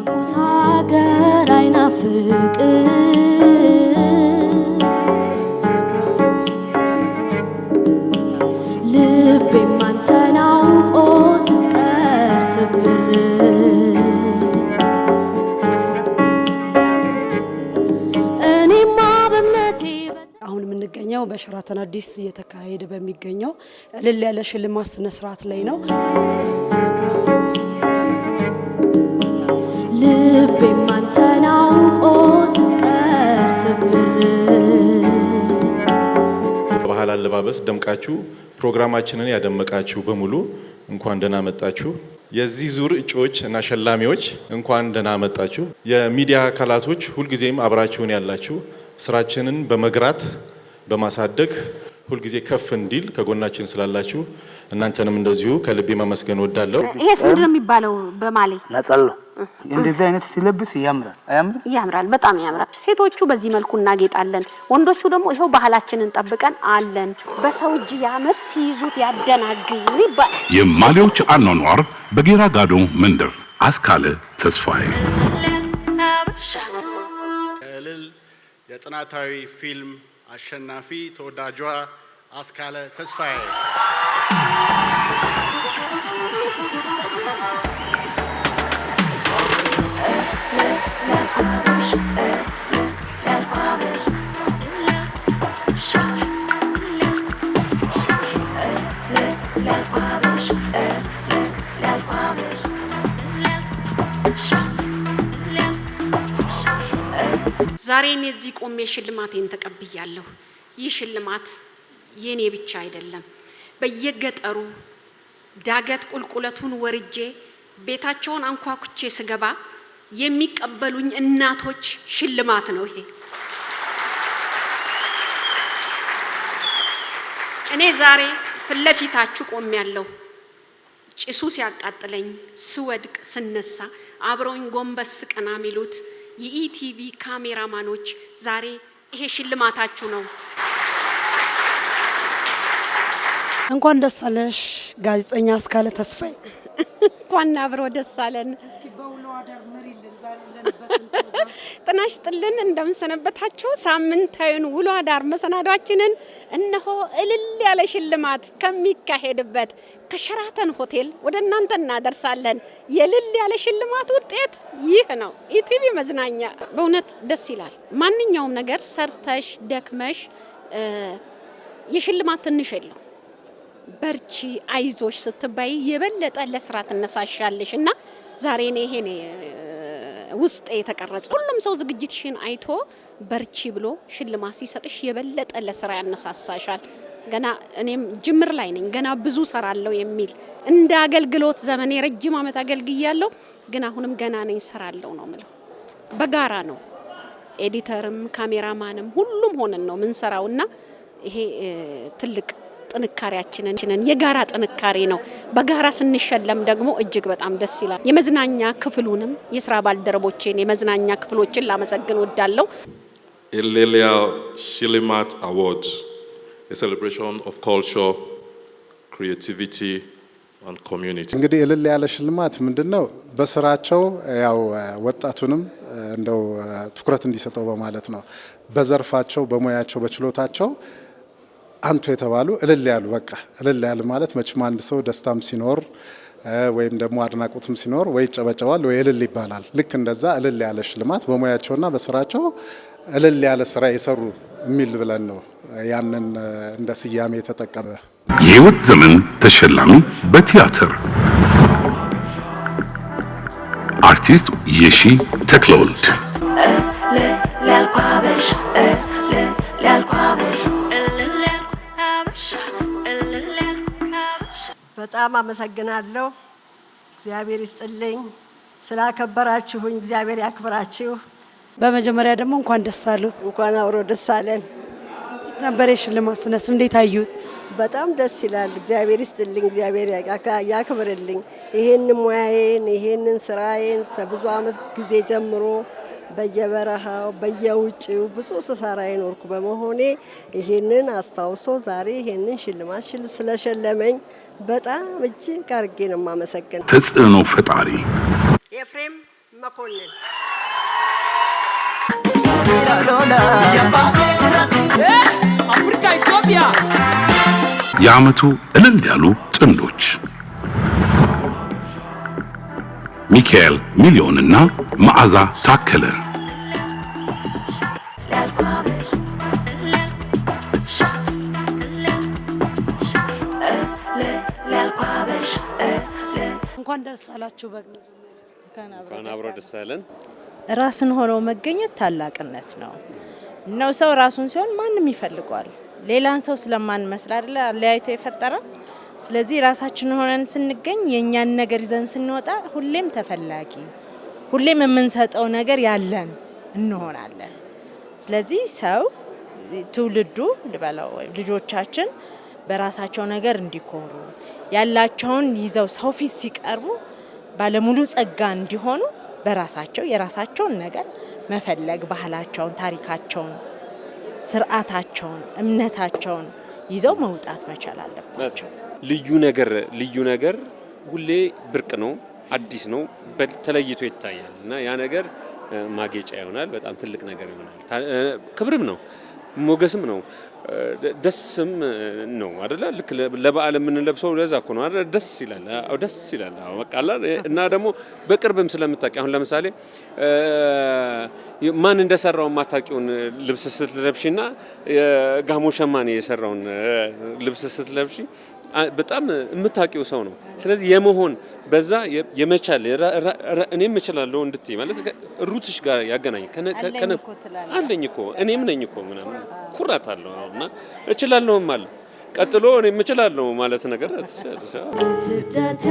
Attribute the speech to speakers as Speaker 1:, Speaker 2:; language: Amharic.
Speaker 1: ንጉሥ ሀገር አይናፍቅም ልቤም አንተን የምንገኘው በሸራተን አዲስ እየተካሄደ በሚገኘው እልል ያለ ሽልማት ስነ ላይ ነው።
Speaker 2: በመተባበስ ደምቃችሁ ፕሮግራማችንን ያደመቃችሁ በሙሉ እንኳን ደህና መጣችሁ። የዚህ ዙር እጩዎች እና ሸላሚዎች እንኳን ደህና መጣችሁ። የሚዲያ አካላቶች ሁልጊዜም አብራችሁን ያላችሁ ስራችንን በመግራት በማሳደግ ሁልጊዜ ከፍ እንዲል ከጎናችን ስላላችሁ እናንተንም እንደዚሁ ከልቤ ማመስገን ወዳለሁ።
Speaker 1: ይሄስ ምንድን ነው የሚባለው? በማሌ
Speaker 3: ነጠላ እንደዚህ አይነት ሲለብስ ያምራል፣ አያምርም?
Speaker 1: ያምራል፣ በጣም ያምራል። ሴቶቹ በዚህ መልኩ እናጌጣለን፣ ወንዶቹ ደግሞ ይኸው ባህላችንን ጠብቀን አለን። በሰው እጅ ያምር ሲይዙት ያደናግሩ ይባል።
Speaker 4: የማሌዎች አኗኗር በጌራ ጋዶ መንደር አስካለ ተስፋዬ
Speaker 5: የጥናታዊ ፊልም አሸናፊ ተወዳጇ አስካለ ተስፋዬ።
Speaker 1: ዛሬ እኔ እዚህ ቆሜ ሽልማቴን ተቀብያለሁ። ይህ ሽልማት የኔ ብቻ አይደለም። በየገጠሩ ዳገት ቁልቁለቱን ወርጄ ቤታቸውን አንኳኩቼ ስገባ የሚቀበሉኝ እናቶች ሽልማት ነው ይሄ። እኔ ዛሬ ፊት ለፊታችሁ ቆሜያለሁ። ጭሱ ሲያቃጥለኝ፣ ስወድቅ፣ ስነሳ አብረውኝ ጎንበስ ቀና ሚሉት የኢቲቪ ካሜራማኖች ዛሬ ይሄ ሽልማታችሁ ነው።
Speaker 6: እንኳን ደስ አለሽ ጋዜጠኛ አስካለ ተስፋዬ።
Speaker 1: እንኳን አብሮ ደስ አለን። ጤና ይስጥልን፣ እንደምንሰነበታችሁ። ሳምንታዊን ውሎ አዳር መሰናዷችንን እነሆ እልል ያለ ሽልማት ከሚካሄድበት ከሸራተን ሆቴል ወደ እናንተ እናደርሳለን። የልል ያለ ሽልማት ውጤት ይህ ነው። ኢቲቪ መዝናኛ በእውነት ደስ ይላል። ማንኛውም ነገር ሰርተሽ ደክመሽ የሽልማት ትንሽ የለው በርቺ አይዞሽ ስትባይ የበለጠ ለስራ ትነሳሻለሽ እና ዛሬ እኔ ይሄ ውስጥ የተቀረጸ ሁሉም ሰው ዝግጅትሽን አይቶ በርቺ ብሎ ሽልማት ሲሰጥሽ የበለጠ ለስራ ያነሳሳሻል። ገና እኔም ጅምር ላይ ነኝ፣ ገና ብዙ ሰራለሁ የሚል እንደ አገልግሎት ዘመን የረጅም ዓመት አገልግያለሁ፣ ግን አሁንም ገና ነኝ ሰራለሁ ነው ምለው። በጋራ ነው ኤዲተርም ካሜራማንም ሁሉም ሆነን ነው ምንሰራውና ይሄ ትልቅ ጥንካሬያችንን የጋራ ጥንካሬ ነው። በጋራ ስንሸለም ደግሞ እጅግ በጣም ደስ ይላል። የመዝናኛ ክፍሉንም የስራ ባልደረቦቼን የመዝናኛ ክፍሎችን ላመሰግን ወዳለው።
Speaker 7: ኢሌሊያ ሽልማት አዋርድ የሴሌብሬሽን ኦፍ ካልቸር ክሪኤቲቪቲ
Speaker 8: እንግዲህ እልል ያለ ሽልማት ምንድን ነው? በስራቸው ያው ወጣቱንም እንደው ትኩረት እንዲሰጠው በማለት ነው። በዘርፋቸው፣ በሙያቸው፣ በችሎታቸው አንቱ የተባሉ እልል ያሉ በቃ እልል ያሉ ማለት መቼም አንድ ሰው ደስታም ሲኖር ወይም ደግሞ አድናቆትም ሲኖር ወይ ይጨበጨባል ወይ እልል ይባላል። ልክ እንደዛ እልል ያለ ሽልማት በሙያቸውና በስራቸው እልል ያለ ስራ የሰሩ የሚል ብለን ነው ያንን እንደ ስያሜ የተጠቀመ።
Speaker 4: የህይወት ዘመን ተሸላሚ በቲያትር አርቲስት የሺ ተክለወልድ
Speaker 1: በጣም አመሰግናለሁ። እግዚአብሔር ይስጥልኝ ስላከበራችሁኝ፣ እግዚአብሔር ያክብራችሁ።
Speaker 6: በመጀመሪያ ደግሞ እንኳን ደስ አሉት።
Speaker 1: እንኳን አብሮ ደስ አለን።
Speaker 6: ነበር የሽልማት ስነ ስርዓት እንዴት አዩት?
Speaker 1: በጣም ደስ ይላል። እግዚአብሔር ይስጥልኝ፣ እግዚአብሔር ያክብርልኝ። ይሄንን ሙያዬን ይሄንን ስራዬን ከብዙ አመት ጊዜ ጀምሮ በየበረሃው በየውጭው ብዙ ስሰራ የኖርኩ በመሆኔ ይሄንን አስታውሶ ዛሬ ይሄንን ሽልማት ስለሸለመኝ በጣም እጅግ አርጌ ነው የማመሰግነው።
Speaker 4: ተጽዕኖ ፈጣሪ ኤፍሬም መኮንን የአመቱ እልል ያሉ ጥንዶች ሚካኤል ሚሊዮንና መዓዛ ታከለ
Speaker 1: እንኳን ደስ አላችሁ።
Speaker 3: በአብሮ ደስ አለን።
Speaker 1: ራስን ሆኖ መገኘት ታላቅነት ነው ነው ሰው ራሱን ሲሆን ማንም ይፈልገዋል። ሌላን ሰው ስለማንመስል አይደለ ለያይቶ የፈጠረ ስለዚህ ራሳችን ሆነን ስንገኝ የእኛን ነገር ይዘን ስንወጣ ሁሌም ተፈላጊ፣ ሁሌም የምንሰጠው ነገር ያለን እንሆናለን። ስለዚህ ሰው ትውልዱ ልበለው ወይም ልጆቻችን በራሳቸው ነገር እንዲኮሩ ያላቸውን ይዘው ሰው ፊት ሲቀርቡ ባለሙሉ ጸጋ እንዲሆኑ በራሳቸው የራሳቸውን ነገር መፈለግ ባህላቸውን፣ ታሪካቸውን፣ ስርዓታቸውን፣ እምነታቸውን ይዘው መውጣት መቻል አለባቸው።
Speaker 9: ልዩ ነገር ልዩ ነገር ሁሌ ብርቅ ነው፣ አዲስ ነው፣ ተለይቶ ይታያል እና ያ ነገር ማጌጫ ይሆናል። በጣም ትልቅ ነገር ይሆናል። ክብርም ነው፣ ሞገስም ነው፣ ደስም ነው አደለ? ልክ ለበዓል የምንለብሰው ለዛ እኮ ነው ደስ ይላል፣ ደስ ይላል። እና ደግሞ በቅርብም ስለምታውቂ አሁን ለምሳሌ ማን እንደሰራው የማታውቂውን ልብስ ስትለብሺ እና ጋሞ ሸማኔ የሰራውን ልብስ ስትለብሺ በጣም የምታውቂው ሰው ነው። ስለዚህ የመሆን በዛ የመቻል እኔም እችላለሁ እንድትይ ማለት ሩትሽ ጋር ያገናኝ አለኝ እኮ እኔም ነኝ እኮ ምናምን ኩራት አለው እና እችላለሁም አለ ቀጥሎ እኔም እችላለሁ ማለት ነገር ትችላለሽ።